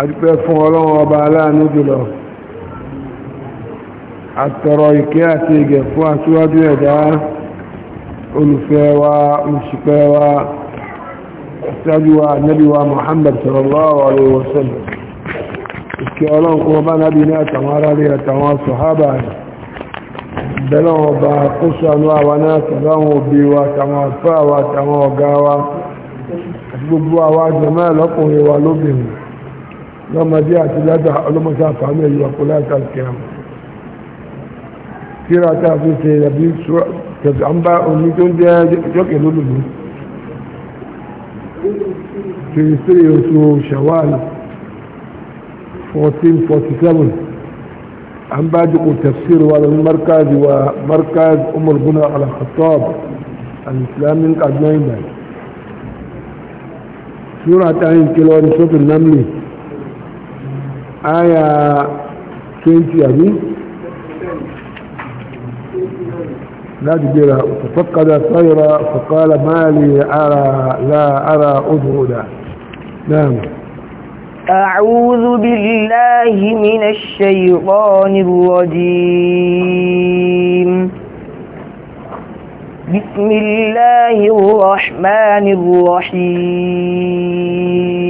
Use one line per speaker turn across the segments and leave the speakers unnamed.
adúpẹ́ fún ọlọ́run ọba aláàánú jùlọ àtọ̀rọ̀ ìkẹ́ àti ìgẹ̀ fún aṣíwájú ẹ̀dá olùfẹ́ wa olùṣìpẹ̀ wa aṣíwájú wa nẹ́bí wa Muhammad sallallahu alaihi wasallam ìkẹ́ ọlọ́run kó bá nábì ní àtàwọn ará rí àtàwọn sọ̀hábà rẹ̀ bẹ́lẹ̀ ọba kó sànú àwa náà pẹ̀lú àwọn òbí wa àtàwọn àfẹ́ àwa àtàwọn ọ̀gá wa àti gbogbo àwa لما جاءت الأدعى علم شاف يقول وقلات الكلام كرا تعطي سيدبيك سوء تبعن بقى أميتون دي جوكي لولو في سيريوسو شوال 1447 عم بعدكم تفسير ولا المركز ومركز أم البناء على الخطاب الإسلامي نايمة سورة عين كيلو صوت النملي آية كيفي أبي يعني؟ لا تجيرا تفقد طيرا فقال ما لي أرى لا أرى أدهدا نعم
أعوذ بالله من الشيطان الرجيم بسم الله الرحمن الرحيم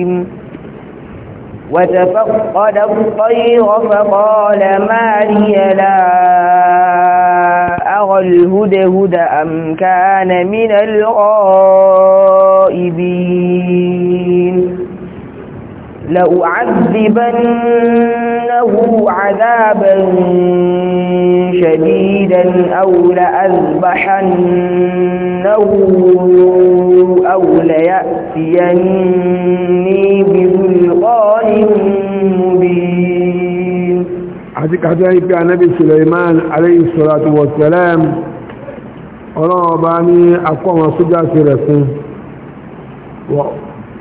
وتفقد الطير فقال ما لي لا أرى الهدهد أم كان من الغائبين لأعذبنه عذابا شديدا أو لأذبحنه أو ليأتيني بذل سلطان مبين
حديث حديث عن نبي سليمان عليه الصلاة والسلام ọlọ́run ọba ní akọ́ àwọn sójà ti rẹ̀ fún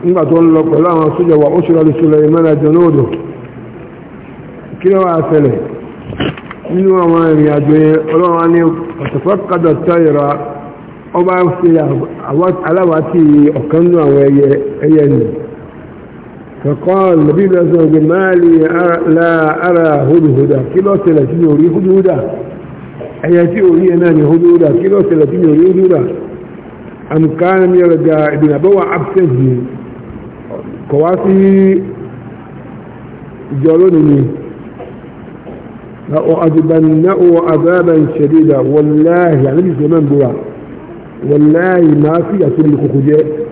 nígbà tó ń lọ pẹ̀lú àwọn sójà wà ó ṣe rọ̀lú Sulaiman àjọ lóòdò kí ló wà fẹ́lẹ̀ nínú àwọn ìrìn àjò فقال النبي صلى الله عليه وسلم مالي لا أرى هدهدا كيلو ثلاثين يوري هدهدا أياتي يوري ناني هدهدا كيلو ثلاثين يوري هدهدا أم كان يرجع ابن أبوة عبسه كواسي جلونني لأعذبنه عذابا شديدا والله يعني سمان بوا والله ما في أسلك خجيه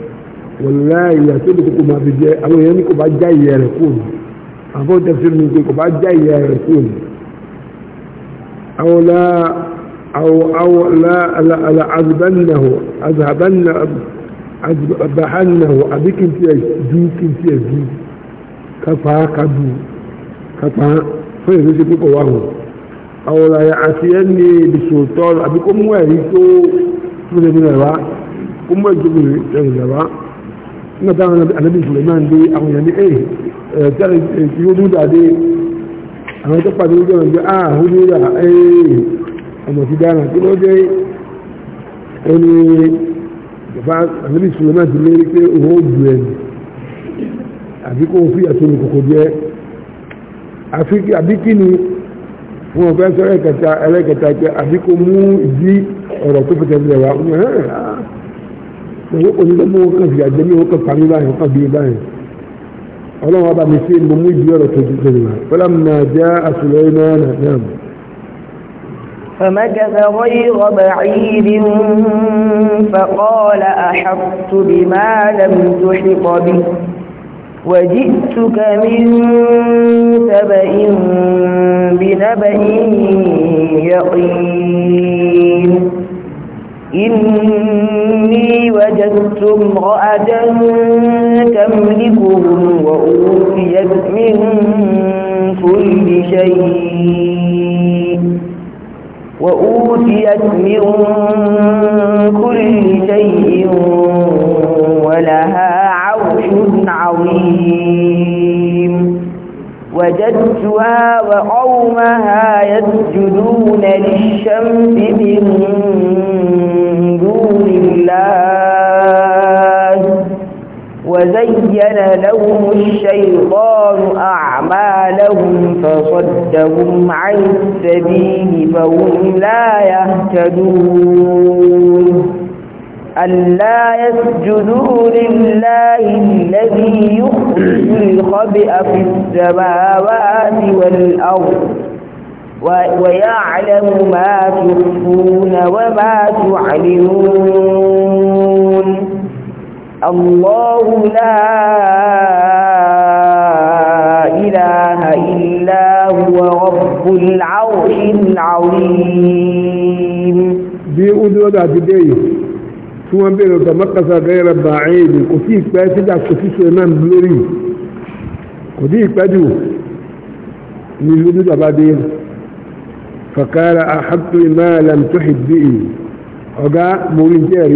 wọlé ìyá tó ní kókó máa fi jẹ àwọn èèyàn ní kò bá já ìyá rẹ̀ kúrò ní àbọ̀ tẹ̀sí ní pé kò bá já ìyá rẹ̀ kúrò ní. àwọn ọ̀la àwọn ọ̀la àlà àzùbánnàwò àzùbánnàwò àbí kí n tiẹ̀ dú kí n tiẹ̀ dú kápá kádù kápá fún ìlú sí púpọ̀ wà wọn. àwọn ọ̀la àti ẹni ìṣòótọ́ àbí kó mú ẹ̀rí tó fún ẹni rẹ̀ wá kó mú ẹ̀jọ́ rẹ̀ wá nígbà táwọn anábì Suleiman dé àwọn èèyàn ní èyí tẹ́lẹ̀ tí ó dúdà dé àwọn tó pàdé lójú ọ̀nà jẹ́ ààhú dúdà èyí ọmọ ti dára tí ló dé ẹni bàbá anábì Suleiman ti lérí pé òun ó ju ẹni àbí kó fi àti olùkòkò jẹ́ àbí kí ni fún ọ̀fẹ́ sọ ẹlẹ́kẹta pé àbí kó mú ìdí ọ̀rọ̀ tó fẹ́ tẹ̀lé wa وقف جميع وقف عن الله وقف بإباهي الله أبا مسئل ممي ديارة فلما جاء سليمان نام
فمكث غير بعيد فقال أحطت بما لم تحط به وجئتك من سبأ بنبأ يقين امرأة تملكهم وأوفيت من كل شيء وأوتيت من كل شيء ولها عرش عظيم وجدتها وقومها يسجدون للشمس من دون الله وزين لهم الشيطان أعمالهم فصدهم عن السبيل فهم لا يهتدون ألا يسجدوا لله الذي يخرج الخبئ في السماوات والأرض ويعلم ما تخفون وما تعلنون الله لا
إله إلا هو رب العرش العظيم دي أدوة بداية ثم بيرو تمقص غير بعيد وفي إكباد تدع كفي سلمان بلوري ودي إكباده من الوجود أبادين فقال أحبت ما لم تحب به ọ̀gá mo rí jẹ́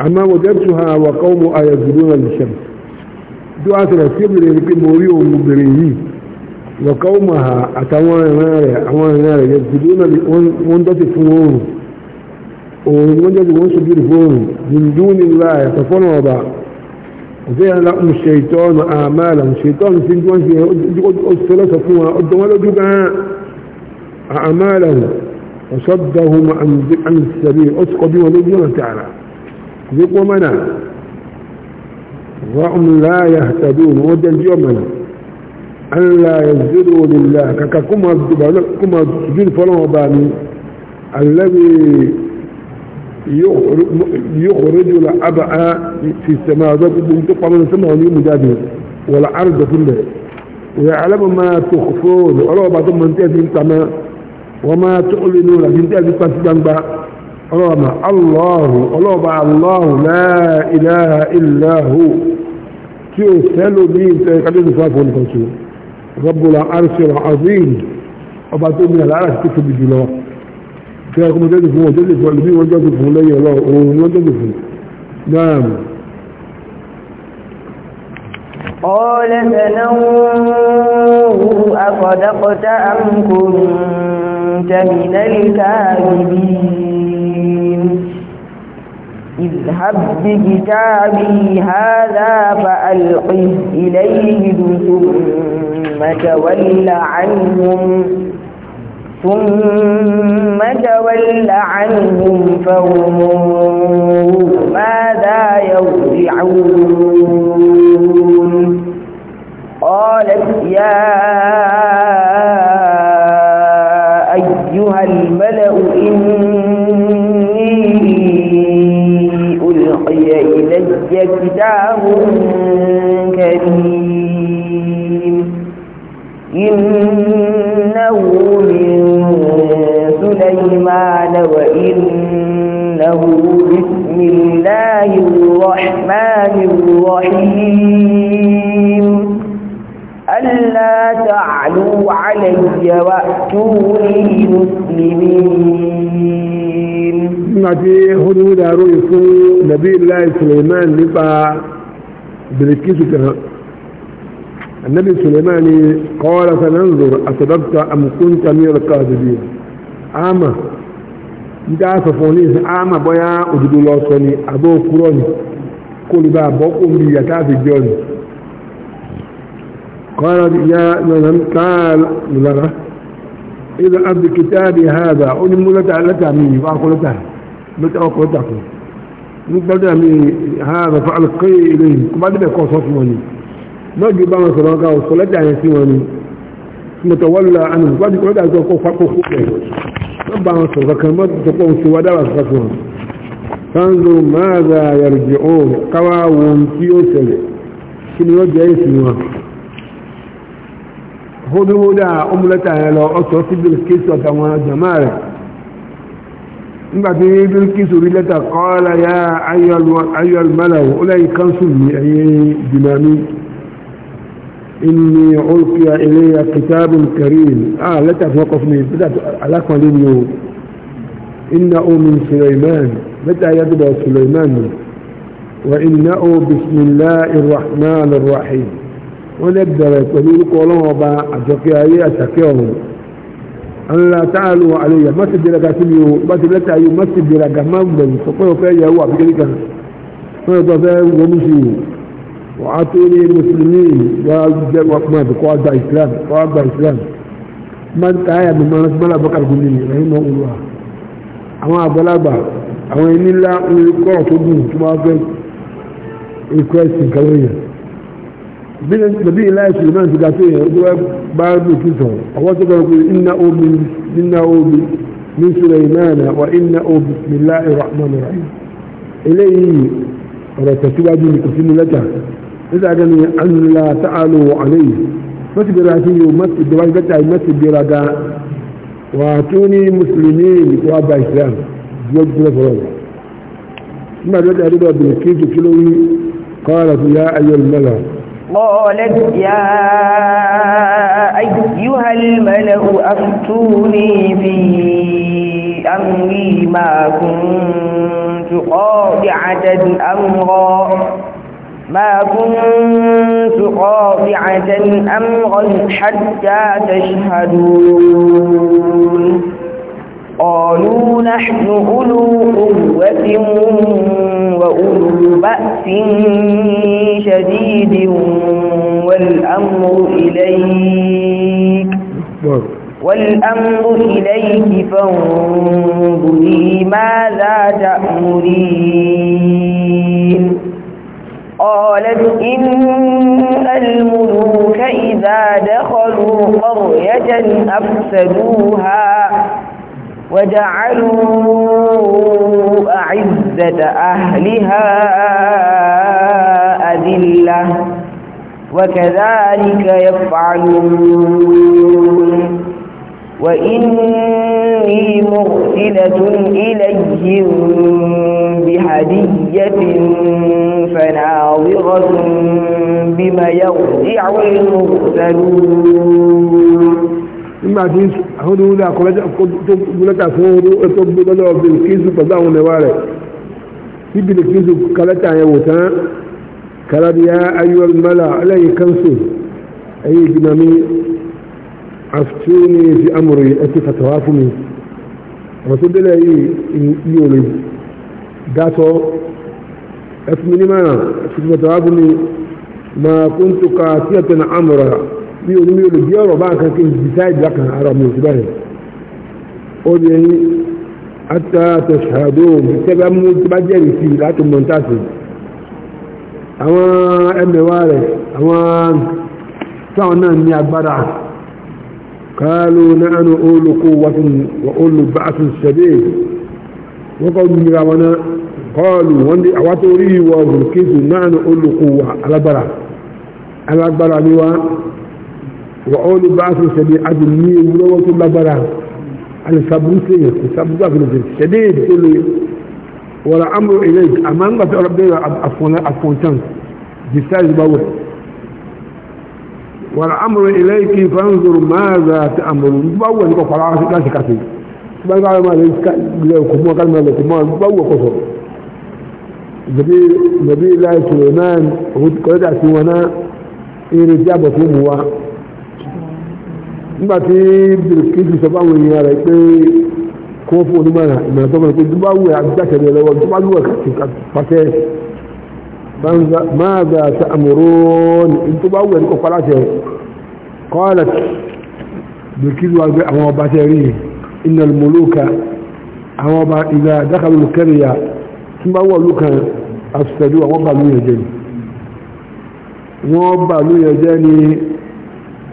أما وجدتها وقوم أيزلون للشمس دعاء تنسيب لكن مريهم مبريين وقومها أتوانا نارا أتوانا نارا يزلون وندت فمون وندت ونسجد فمون من دون الله يتفون وضع وزيان لهم الشيطان وآمالا الشيطان سنجوان الثلاثة فوها قدوا له أعمالا وصدهم عن السبيل أسقى بهم لجنة تعالى ذكو منا وهم لا يهتدون ودن يومنا أن لا يزدوا لله ككما كما سجود فلان وباني الذي يخرج الأبعى في السماء ذلك من السماء ومجادل والعرض كله ويعلم ما تخفون ولو بعضهم من تأتي وما تعلنون لكن تأتي فاسدان بقى ọlọ́ọ̀bà allahu ọlọ́ọ̀bà allahu la ilaha illa hu tí ó sẹ́lò bí i tẹ́ kàdé ìfẹ́ fún nìkan tó rabbul arshil azim ọba tó ní àlàárà tó tóbi jùlọ tí a kọ́mọ jẹ́sì fún wọn jẹ́sì fún ẹlùmí lẹ́yìn ọlọ́
òun اذهب بكتابي هذا فألقه إليهم ثم تول عنهم ثم تول عنهم فهم ماذا يرجعون قالت يا أيها كتاب كريم إنه من سليمان وإنه بسم الله الرحمن الرحيم ألا تعلوا علي
وأتوني nígbàtí húdúhúdà ròyìn fún nàbí láì suleiman nípa bìrìkìsù kan النبي سليمان قال سننظر أصدقت أم كنت من الكاذبين أما nígbà sọ̀fọ̀ní sí àmà bọ́yá òdúdó lọ sọ ni àbọ́ òkúrọ̀ ni kó lè bá bọ́kùn bí yàtá fi jọ ni kọ́rọ̀ ya nàìjíríà tààlà ìlara ilẹ̀ abdikita bí hàdà ó ní mú lọ́tà lọ́tà mi lọ́jọ́ ọkọ̀ dàpọ̀ nígbàdà mi hàrà fàlù kọ́yé ilé yìí kó bá débẹ̀ ni lọ́jọ́ bá wọn sọ̀rọ̀ ọ̀gá ọ̀sọ̀ lẹ́jà yẹn sí wọn ni mọ̀tọ̀ wọ́n la àná wájú kọ́ dàgbà kọ́ fapò fún bẹ̀ wọ́n bá wọn kawa قال يا أيها الملو أولئي كنسل أي دمامي إني ألقي إلي كتاب كريم آه لا تفوقفني على قليل يوم إنه من سليمان متى يدبع سليمان وإنه بسم الله الرحمن الرحيم ونبدأ يقولون قولون وبا أجوكي أي أتكيون ńlá táàlù àlẹyà má ti dira gàtí mi o bá ti lẹ́tà yìí má ti dira gà má bẹ̀rù sọ̀kọ́ yóò fẹ́ yẹ wà bí kékeré kan fún ẹ̀kọ́ fẹ́ wọ́n sí o wà á tó ní mùsùlùmí wà á jẹ́ wà pọ́n àti kọ́ àgbà islam kọ́ àgbà islam má ń ta àyà mi má ń sọ́lá bọ́kà gùn mi ẹ̀yìn mọ́ òru à àwọn àgbàlagbà àwọn ẹni ńlá ń kọ́ ọ̀tún dùn tó bá fẹ́ request nǹkan lóyè nabi ilahi suleiman ti gafe yẹn ojú wa bá dùn kí sọ àwọn tó kọrọ pé inna omi inna omi min suleiman wa inna omi bisimilahi rahman rahim eléyìí ọ̀rọ̀ tẹ̀síwájú ni kò sí ní lẹ́tà nígbà gani anla ta'alu alayhi mọ́sí bẹ̀rẹ̀ àti yóò mọ́sí bẹ̀rẹ̀ àti lẹ́tà mọ́sí bẹ̀rẹ̀ àga wà tó ní mùsùlùmí kó wá ba islam gbọ́dọ̀ fọlọ́ wa nígbà tó lẹ́tà àdúgbò bẹ̀rẹ̀ kí n tó kí lórí kọ́
قالت يا أيها الملأ أفتوني في أمري ما كنت قاطعة أمرا ما كنت قاطعة أمرا حتى تشهدون قالوا نحن أولو قوة وأولو بأس شديد والأمر إليك والأمر إليك فانظري ماذا تأمرين قالت إن الملوك إذا دخلوا قرية أفسدوها وجعلوا أعزة أهلها أذلة وكذلك يفعلون وإني مرسلة إليهم بهدية فناظرة
بما يرجع المرسلون nígbà tí àhódúwúdà tó gbọ́lẹ́ta fún ẹ̀tọ́ gbọ́lọ́ bilkisu pẹ̀lú àwọn ẹ̀wà rẹ̀ tí bilkisu kalẹ́ta yẹn wò tán karabiya ayyuwar mala aláyé kansu ayé gbìnàmí aftuni fi amuri ẹtì fatawa fún mi àwọn tó délẹ̀ yìí yóò lè dátọ́ ẹfún mi ní mara ẹtì fatawa fún mi ma kuntu kàtí mi ò ní mi ò lè bí ọ̀rọ̀ bá nǹkan kí ara mi ò sí ó di ẹyin àtàtà ṣàdó tẹ́bà mú tẹ́bà jẹ́rìí sí i láti mọ̀ ntáàsì àwọn ẹmẹ̀wá rẹ̀ àwọn táwọn náà ní agbára kálù náà ní olùkó wàtún olùbáṣun ṣẹ̀dẹ̀ wọ́n kọ́ nira wọn náà kọ́ọ̀lù wọ́n dé àwọn ìwọ̀ náà ní wọ́n bá sọ sẹ́dẹ̀ àti ní ewu lọ́wọ́ tó lágbára alìsàbùrú sèyàn kò sàbùrú àfihàn sẹ́dẹ̀ tó lè wọ́n amúrò ilé àmà ń gbàtọ́ ọ̀rọ̀ bẹ́ẹ̀ àfọ̀ntán jìsáì bá wẹ̀ wọ́n amúrò ilé kí fanzoro máa zà àti àmúrò bá wẹ̀ ní kọ̀kọ̀rọ̀ àwọn láti kàtó bá bá wẹ̀ lè kò mọ́ kálí máa lè kò mọ́ bá wẹ̀ kọ̀sọ̀ nabi ilayi suleiman kọ́lẹ́dà sí wọn náà eré jábọ̀ tó mú wa nígbà tí bìrìkìtì sọ fáwọn èèyàn rẹ̀ pé kó fún onímọ̀ràn ìmọ̀ràn tó mọ̀ pé tó bá wù ẹ́ àgbàkẹ́rẹ́ lọ́wọ́ tó bá wù ẹ́ pàṣẹ máa bẹ̀ àti àmúrún tó bá wù ẹ́ nípa paláṣẹ kọ́ọ̀lẹ̀ bìrìkìtì wà gbé àwọn ọba tẹ́rí iná mọ̀lúkà àwọn ọba ìgbà dákàlù kẹrìyà tó bá wù lùkàn àṣùfẹ̀dù àwọn bàlúyẹ̀ jẹ́ jẹ́ ni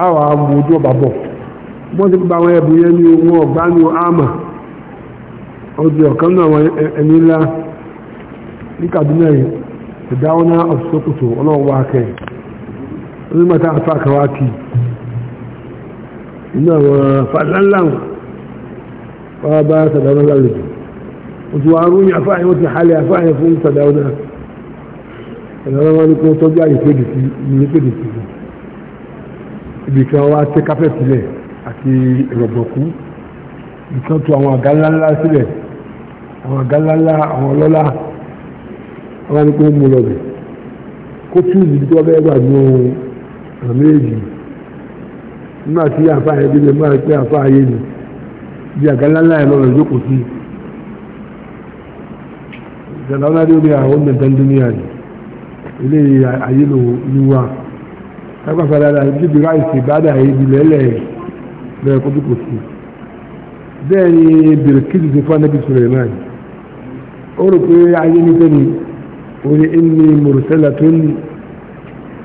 àwọn amójú ọba ama bọ́n ti gba àwọn ẹ̀bùn yẹn ní owó ọ̀gbá ní àmà ọdún ọ̀kan náà àwọn ẹni ńlá ní Kaduna yìí ìdáwọ́nà ọ̀sọ́kùtù ọlọ́wọ́ akẹ́ onímọ̀ta àfáàkàwà kì inú àwọn fàdánláwọ̀ wọ́n hali ni ibi kan wá tẹ́ kápẹ́ sílẹ̀ àti ìrọ̀gbọ̀kú nǹkan tó àwọn àga ńláńlá sílẹ̀ àwọn àga ńláńlá àwọn ọlọ́lá wọn ni kò mú lọ bẹ̀ kó túùsì bí wọ́n fẹ́ gbà ní ọ̀nà méjì nígbà tí àfa yẹn bí lè máa pé àfa ayé ni bí àga ńláńlá yẹn lọ́rọ̀ jókòó sí ìjàdá ọ̀nà dé ní àwọn ọ̀nà ìdánilẹ́yà ilé ayélujára ẹgbẹ́ fẹ́ dáadáa ibi bíbí ráìsì ìbádà ibi lẹ́lẹ̀ bẹ́ẹ̀ kó dúkò sí bẹ́ẹ̀ ni Bilkisu ti fún anabi Suleiman ó rò pé ayé ní fẹ́ ni ó ní inni mursalatun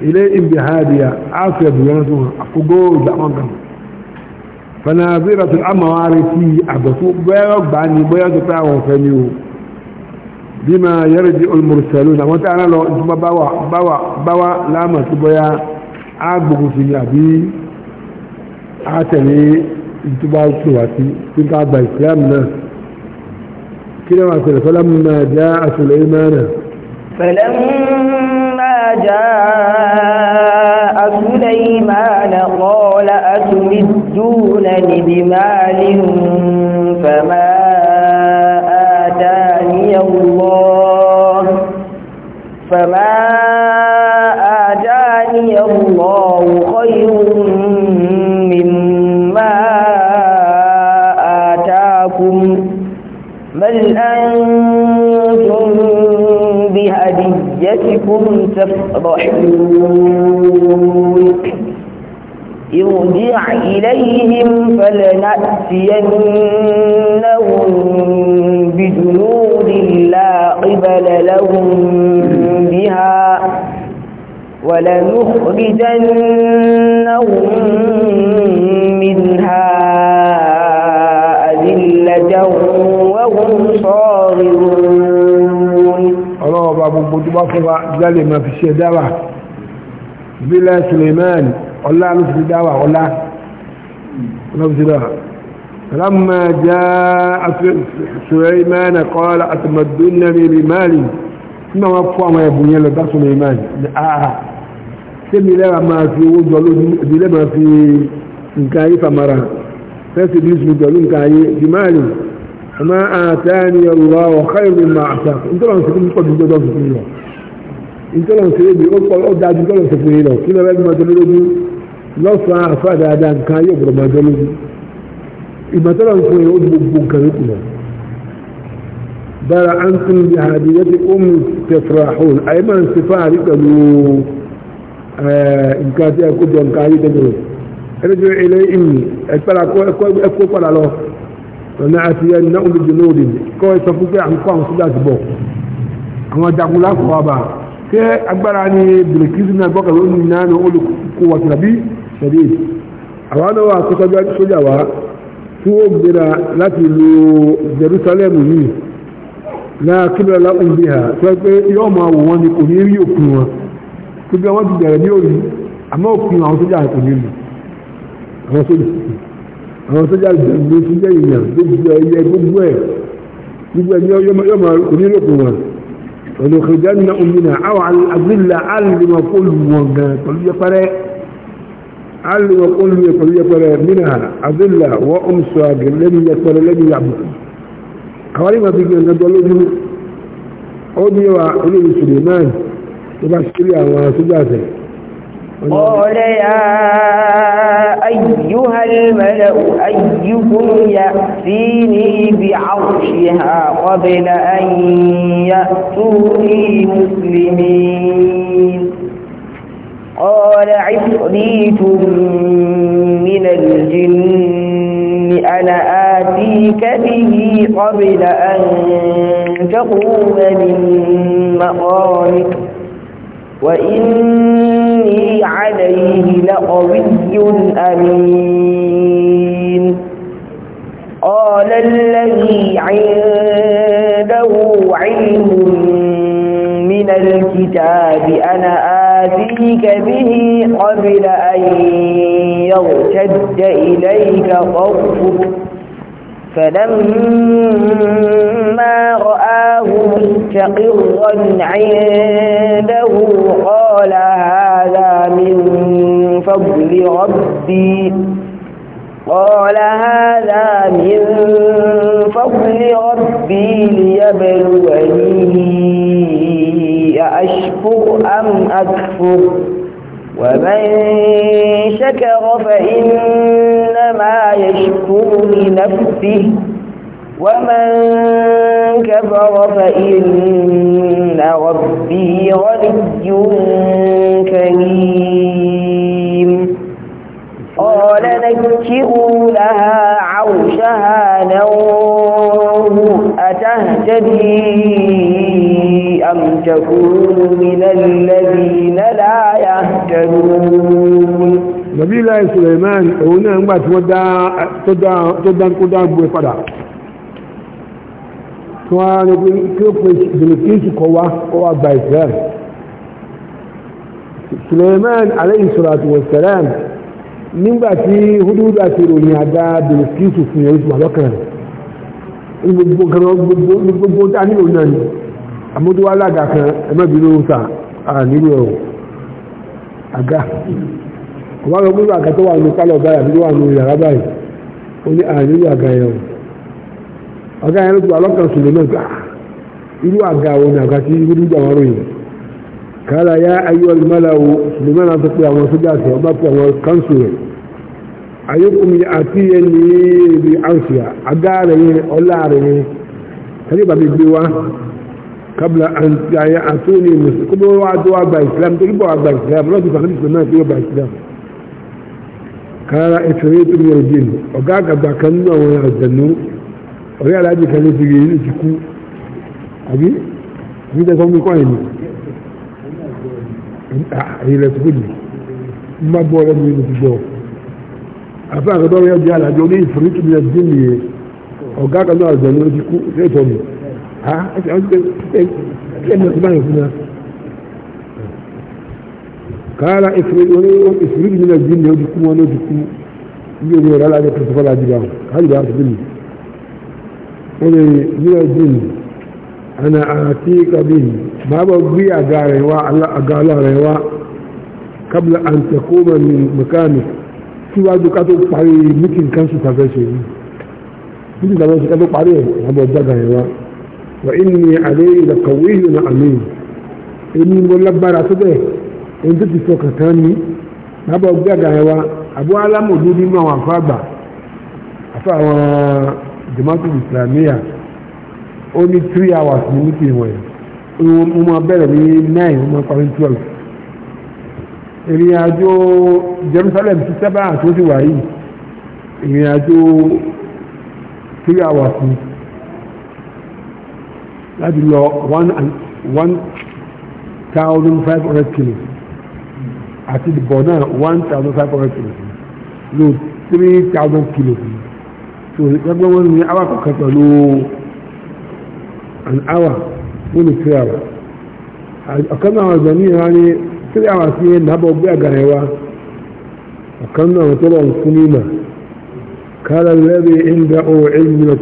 ilé ibi hadiya á fi ẹ̀bùn yẹn tó àkógó ìgbà wọn kan amawari ti àbẹ̀fó bẹ́ẹ̀ gbà ní bóyá tó pé àwọn ọ̀fẹ́ ni o a náà lọ agbogbo sí àbí àtẹ̀lé tó bá tó wá sí tí ká gba ìsìlámù náà kí ló máa ṣẹlẹ̀ fọlá múná já àṣọlẹ̀ ìmáàna.
fẹlẹ́ múná já àṣọlẹ̀ ìmáàna kọ́ọ̀lá àṣọlẹ̀ dúnà níbi máàlì fẹ́mà àdáníyàwó fẹ́mà. آتاني الله خير مما آتاكم بل أنتم بهديتكم تفرحون ارجع إليهم فلنأتينهم بجنود لا قبل لهم بها ولنخرجنهم منها أذلة وهم
صاغرون الله بابو بطبخوا جالي ما في الشيء دعوة بلا سليمان الله في دعوة الله في دعوة لما جاء سليمان قال أتمدنني بمالي ما وقفوا ما يبني لدى سليمان آه sẹ́mi lẹ́ra máa fi owó jọ lójú ẹbí lẹ́ máa fi nǹkan ayé famara fẹ́sì bí sùn jọ lójú nǹkan ayé jùmáàlì ọmọ àtàní ọlọ́ ọ̀káyọ̀mí máa àṣà ntọ́lọ́n sí fún pọ̀jù jọjọ́ fún yín lọ ntọ́lọ́n sí ebi ó pọ̀ ó dájú ntọ́lọ́n sí fún yín lọ kí lọ́wọ́ ẹgbẹ́ máa jọ lójú lọ́sàn-án àfa dáadáa nǹkan ayé òbúrọ̀ máa jọ lójú ìmọ̀tọ́lọ́n fún yín ó gbogbo nǹkan lókù lọ. bára antum bí hadiyati um tẹfrahun àyè máa ń sefa àríkàlú Eh, nǹkan tí ẹkú jọ nǹkan ayé dẹ́gbẹ̀rẹ̀ ẹlẹ́jọ́ ilé ìmì ẹkọ́ padà lọ ọ̀nà àti ẹni náà olùdó lóòdì kọ́ ẹ sọ fún pé à ń kọ́ àwọn sílẹ̀ àti bọ̀ àwọn jagun lákòó wa bá agbára ni bìrìkìsì náà gbọ́kànlé ó ní náà wa tàbí ṣẹ̀dí àwọn náà wà sójà wa tí ó gbéra láti i pé tó bí wọ́n ti bẹ̀rẹ̀ ní òòyì àmọ́ òfin àwọn sójà kò ní lù àwọn sójà àwọn sójà gbẹ̀gbẹ̀ tó jẹ́ èèyàn gbogbo ẹyẹ gbogbo ẹ̀ gbogbo ẹ̀ ní ọmọ kò ní lòpọ̀ wọn ọ̀nà ní omina àwọn àgbélà alìmọ̀ wọn gan pẹ̀lú yẹpẹrẹ alìmọ̀ yẹ pẹ̀lú yẹpẹrẹ mina àgbélà wọ́n ń sọ àgbẹ̀ lẹ́nu yẹpẹrẹ lẹ́nu yàbùkù àwọn ìmọ̀ fi gbẹ̀ngàn jọ ó ní wa olóyè Suleiman
قال يا أيها الملأ أيكم يأتيني بعرشها قبل أن يأتوني مسلمين قال عفريت من الجن أنا آتيك به قبل أن تقوم من مقامك وإني عليه لقوي أمين قال الذي عنده علم من الكتاب أنا آتيك به قبل أن يرتد إليك طرفك فلما رآه مستقرا عنده قال هذا من فضل ربي قال هذا من فضل ربي ليبلوني أشكر أم أكفر ومن شكر فإنما يشكر لنفسه ومن كفر فإن ربي غني كريم قال نكروا لها عرشها نور أتهتدي أم تكون من
يفترون نبي الله سليمان هنا انبات تدان قدام بوي فدا àti ìròyìn àdá lọ́kàn gbogbo dání òun náà ni Aga. ọba lọ gbúdọ̀ àga tó wà ní pálọ̀ báyìí àbí tó wà ní yàrá báyìí ó ní àyè nínú àga yẹn o àga yẹn ló gba ọlọ́kàn sùn lónà gbà ah, irú àga wo ni àga tí irú wọn kàrà yá ayé wo tó àwọn sójà ọba pe àwọn kánsù rẹ̀ ayékùnmi àti yẹn ní ibi rẹ̀ yẹn ọlá rẹ̀ yẹn bàbá wa. قبل أن يأتوني مسلم قبل وعدوا أبا إسلام تقبوا أبا إسلام رضي فقد إسلام في أبا إسلام قال إفريت من الجن وقاك أبا كنوا ويغزنوا وقال هذه كانت تجيين تكو أبي ماذا تقوم بقائني هي لا تقول ما بولا من تجوه أفاق دور يجي على جوني إفريت من الجن وقاك أبا كنوا ويغزنوا تكو سيطوني قال افرد من الجن يودكم ونودكم يقول ولا لا يكرس فلا جباهم هل بعث بني ولي من الجن انا اتيك به ما بغي اقال روا قبل ان تقوم من مكانك سوى دكاتو فاري ميتين كانسو تفاشي ميتين كانسو تفاشي ميتين كانسو تفاشي ميتين كانسو تفاشي وإني عليه لقوي أمين إني ملبرة تبه إن تبي سوكتاني نبا أبقى هوا أبو عالم ودودي ما وفابا أفا جماعة الإسلامية only three hours ní meeting wọ̀nyí wọ́n máa bẹ̀rẹ̀ ní nine wọ́n máa parí twelve ìrìn àjò Jerusalem sí sábà àtúntì wáyé ìrìn àjò three hours ní. That is your one and one thousand five hundred kilos àti ìbọn "Bona, one thousand five hundred kilos lo three thousand kilos so gbẹgbẹ wọn ní awa kọkàn pẹ̀lú an hour wọn ní three hours ọ̀kan náà ọ̀gbọ̀n ní ìran ní three hours ní nàbọ̀ gbé àgàrẹ̀ wa ọ̀kan náà tó lọ fún ní mà kálá lẹ́bi ń bẹ́ ọ̀ ẹ̀yìn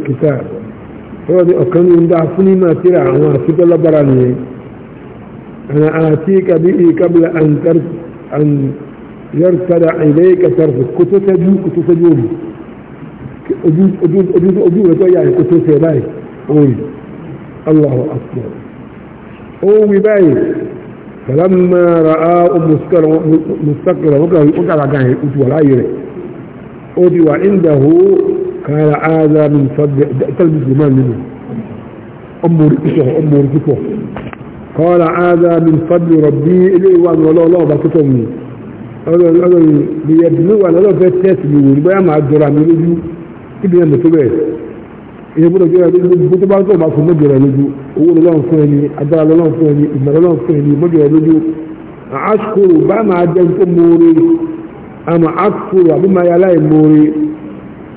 فودي أكن دعفني ما ترى ما واسك لبراني أنا آتيك به قبل أن تر أن يرتدع إليك ترفض كتسجو كتسجو أجوز أجوز أجوز أجوز يعني كتسجو باي أوي الله أكبر أوي باي فلما رأى مستقر مستقر وقال وقال عن أتوى العيرة أوي وعنده ba krị aa e ebua ọbaụ e aba lụe ee ụa a e ama akkụrụ abụha lai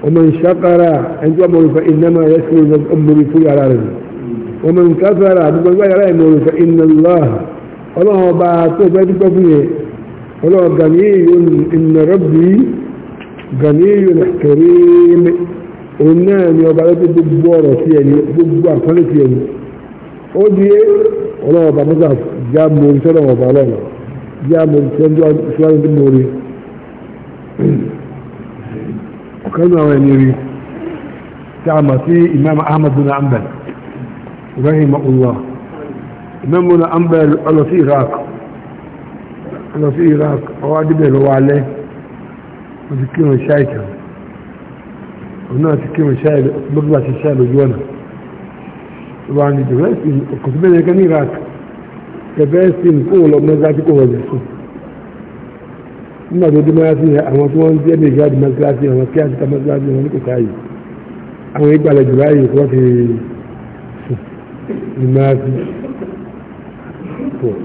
ومن شقر عند يمر فإنما يسلم الأمر في العرب ومن كفر بقول يرى يمر فإن الله الله بعثه بيت فيه الله غني إن ربي غني كريم ونام يا بلد الدبورة يعني دبور فلت يعني ودي الله بعثه جاب موري سلام وبالله جاب موري سلام جاب وكان وين يريد تعمى فيه إمام أحمد بن أنبال رحمه الله إمام بن أنبال الله في إراق الله في إراق وعد به الوالي وذكيه الشايكة هنا تكيه الشايكة مغلا في الشايكة جوانا وعن الجبال في القسمين كان إراق كبير في القول ومزاك قوة جسوه nígbà tó dé mọ́ra sí àwọn tí wọ́n ń jẹ́ bèèrè àdì mọ́síláṣí àwọn kí àti mọ́síláṣí wọn ní kò káyì àwọn ìgbàlejò ráyè kí wọ́n ti sùn ní mọ́ra sí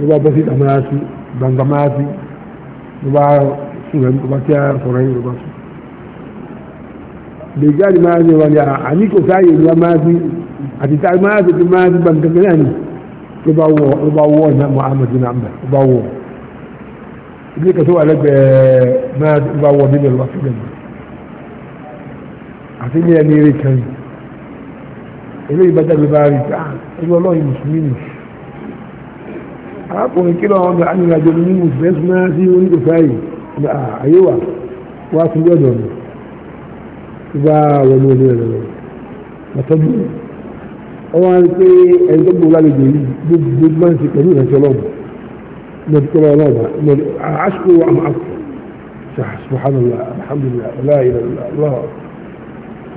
ló bá bọ́ sí ìta mọ́ra sí gbangba mọ́ra sí ló bá sùn rẹ̀ ló bá kí á ni àní kò káyì ló bá mọ́ra sí àti tá mọ́ra sí ti mọ́ra sí gbàǹkankan náà ni ló bá wọ̀ ló bá ilé kan tó wà lẹ́gbẹ̀ẹ́ náà bá wọ nínú ìlú wáṣọ lẹ́nu àti ilé ẹni eré kan yìí eléyìí bá jáde bá rí ká ah, ẹni ọlọ́yin mùsùlùmí nì arákùnrin kí lọ́wọ́ ọ̀gá anìrìnàjò ah, ní mùsùlùmí ẹ̀sùn náà sí oníkòfẹ́ yìí àyè ah, wà wá sí ilé ọ̀dọ̀ mi tó bá wọlé wọlé rẹ̀ lọ lọ́tọ́jú ọwọ́ àti pé ẹni tó gbòó lálejò yìí gbogbo máa ń ṣe pẹ̀lú ìrántí ọlọ́run نذكر الله عشق ومعطف سبحان الله الحمد لله لا إله إلا الله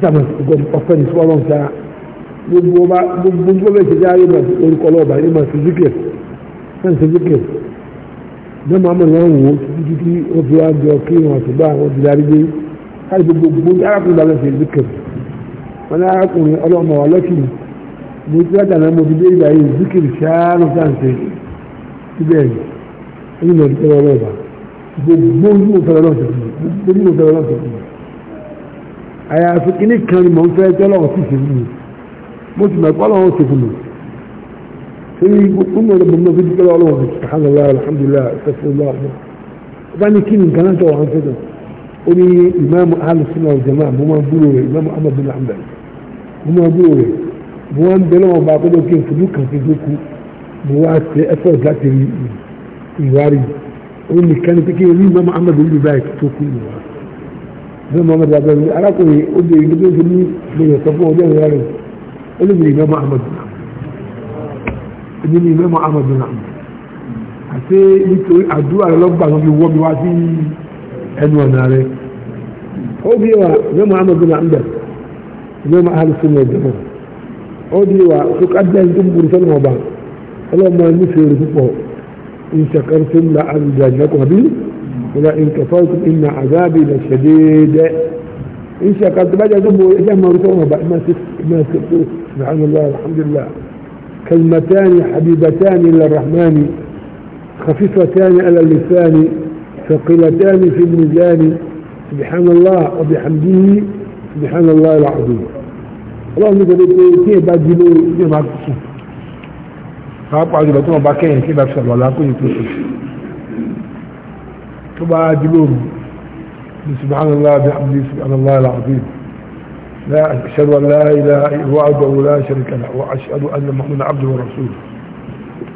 تمس قد قصني سؤال ساعة من قبل تجاري ما تقول قلوبة إما تذكر من تذكر لما عمل يوم تجدي رضوان جوكين وصباح ودلاردي هل بالبقبول أعقل بلا شيء ذكر وانا أعقل الله ما ولكن مجدد أنا مجدد أي ذكر شان وكان سيدي تبيني ẹni lọ sí ọlọ́wọ́ ọba gbogbo ní mo fẹ́ràn lọ́sẹ̀ fún mi gbogbo ní mo fẹ́ràn lọ́sẹ̀ fún mi àyàfi kíní kan ni mò ń fẹ́ tẹ́ lọ́wọ́ sí ṣe fún mi mo sì mọ̀ pọ́lọ́ wọn ṣe fún mi sẹ́yìn gbogbo ní ọ̀dọ́ mọ̀ fi dúpẹ́ lọ́wọ́ fi ṣàkàlọ́ alhamdulilayi ṣẹ́fún lọ́wọ́ ọba ní kíni nǹkan náà tọ́ wọn fẹ́ tọ́ ó ní ìmáàmù alùsùnà ọ̀jọ̀mọ́ mo máa ń rẹ̀ ìmáàmù amadu lambert mo máa ń rẹ̀ mo máa ń bẹ lọ́wọ́ bá akọ́jọ́ kí n fojú kàn fi dúkú mo wá ṣe ẹ̀fọ́ láti rí ìlú ìwárí òun nìkan ní kékeré ní mọ́mọ́ amadu ń dùbà ètò tó kú ìwà ní mọ́mọ́ amadu abẹ́rẹ́ ní arákùnrin obìnrin níbi oṣù ní lèyìn sọ fún ọjọ́ ìwà rẹ̀ olóbìnrin mọ́mọ́ amadu náà ẹni ní mọ́mọ́ amadu náà àti nítorí àdúrà rẹ̀ lọ́gbà wọn fi wọ́ mi wá sí ẹnu ọ̀nà rẹ̀ ó bí wa mọ́mọ́ amadu náà ń bẹ̀ mọ́mọ́ alùpùpù náà jẹ́ ó bí wa tó ká إن شكرتم لأزدادكم به ولئن كفرتم إن عذابي لشديد إن شكرت بدا دبوا ما رسوله ما سكتوا سبحان الله الحمد لله كلمتان حبيبتان إلى الرحمن خفيفتان على اللسان ثقيلتان في الميزان سبحان الله وبحمده سبحان الله العظيم اللهم يقول لك كيف بعد جلوه يبعد pàápàá jùlọ tó wọn bá kẹ́yìn kí bàbá sọ̀rọ̀ alákòyìn tó sọ tó bá dúlóòrù bí subhanallah bí abdi subhanallah al-azim لا أشهد أن لا إله إلا هو عبده شريك له وأشهد أن محمدا عبده ورسوله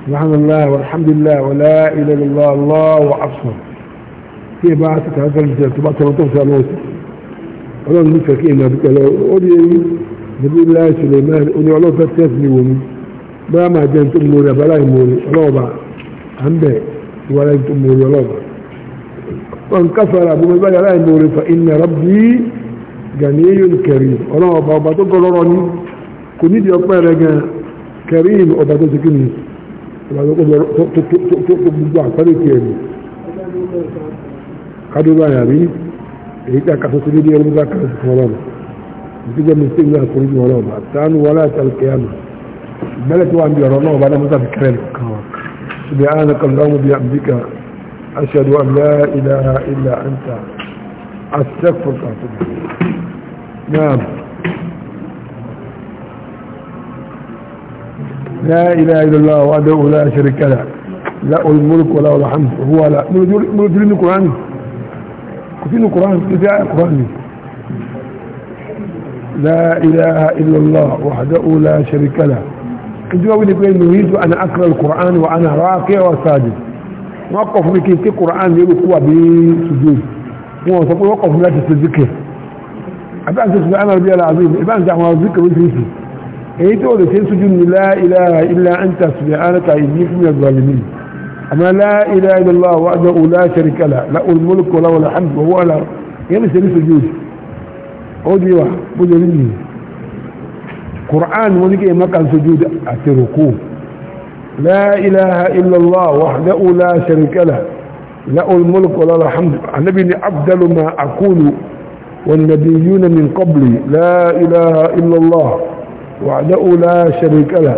سبحان الله والحمد لله ولا إله إلا الله الله أكبر في بعث تهجل تبع تبع سالوت أنا نفكر كيما بكلا أولي نبي الله سليمان أولي علوه فتاتني ومن bẹ́ẹ̀ máa jẹ́ tó mórí abala ìmórí ọlọ́ọ̀bà à ń bẹ̀ ìwárá tó mórí ọlọ́ọ̀bà wọn káfàrà bí wọ́n bá yàrá ìmórí fa inna rabbi ganiyun karim ọlọ́ọ̀bà ọba tó gọlọ́rọ̀ ní kò nídìí ọpẹ́ rẹ̀ gan karim ọba tó ti ni ọba tó gbogbo àpẹẹrẹ tiẹ̀ ni kádùbà yàrí èyí ká kásọ̀ sí dédé ẹni bá kásọ̀ fún ọlọ́ọ̀bà ìdíjọ́ mi sí ìlú àkórí ọlọ́ọ̀bà tánú wọlé àtàlùkẹ́yàmù بلد وعم يرونه وبعد مزا في كلام سبحانك اللهم بحمدك أشهد أن لا إله إلا أنت أستغفرك نعم لا إله إلا الله وحده لا شريك له له الملك وله الحمد هو لا ملك لنا القرآن كفين القرآن كيف القرآن لا إله إلا الله وحده لا شريك له ìjọba ní pé nùhídù àna akra al-Qur'an wa ana raqi wa sajid wọ́n kọ̀ fún mi kí n tí Qur'an yóò kú àbí sujud wọ́n sọ pé wọ́n kọ̀ fún mi láti ṣe zikir àbá ṣe ṣùgbọ́n àmàlùbí aláàbíyìn ìbá ń dáhùn zikir oríṣiríṣi èyí tó lè ṣe ń sujud ní la ilaha illa anta subhanaka inni kuntu minaz zalimin àmà la ilaha illallah wahdahu la sharika lahu lahul mulku wa lahul hamdu wa huwa ala yẹn ní ṣe ní sujud ó di wa bó ṣe rí nìyí القرآن ونجي مكان سجود أتركوه لا إله إلا الله وحده لا شريك له له الملك وله الحمد النبي أفضل ما أقول والنبيون من قبلي لا إله إلا الله وحده لا شريك له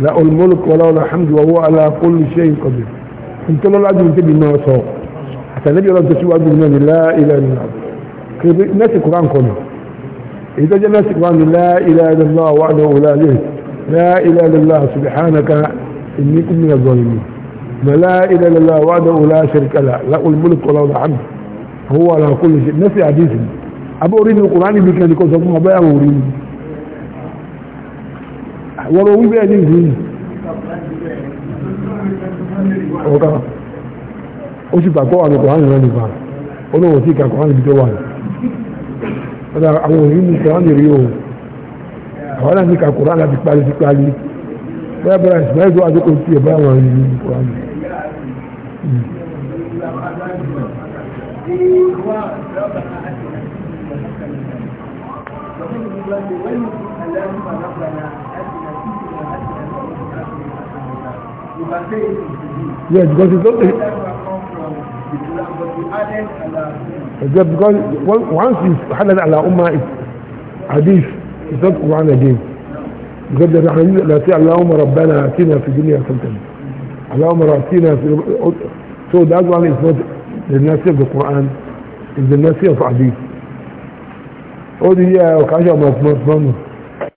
له الملك وله الحمد وهو على كل شيء قدير انت لا العدل تبي ما وصوه حتى النبي رضي الله عنه لا إله إلا الله ناس القرآن كله إذا جلست قال لا إله إلا الله وحده لا إله لا إله إلا الله سبحانك إني كنت من الظالمين لا إله إلا الله وحده لا شريك له لا الملك ولا الحمد هو على كل شيء نفس حديث أبو أريد القرآن بك أن يكون سبحانه أبو أريد وروي بقى زين ọ̀gá ó sì gbàgbọ́ àwọn ọkùnrin rẹ̀ nìkan olóòwò sí ìkàkùnrin ọ̀dà àwọn òyìn ní ìṣẹ́ wọ́n lè rí o àwọn náà ní ká kúrò àlàbí parí sí parí bẹ́ẹ̀ bẹ́ẹ̀ ìsìnbáyé tó àdókò tí ẹ̀ bá ní kúrò àlè. Yes, because it's not. قال وانس حلل على أمة إيه؟ حديث يصدقوا عن دين بجد الرحمن لا تي اللهم ربنا اتينا في الدنيا حسنة اللهم اتينا في سو ده قال اثبات للناس في القران للناس في حديث ودي يا وكاشا ما ما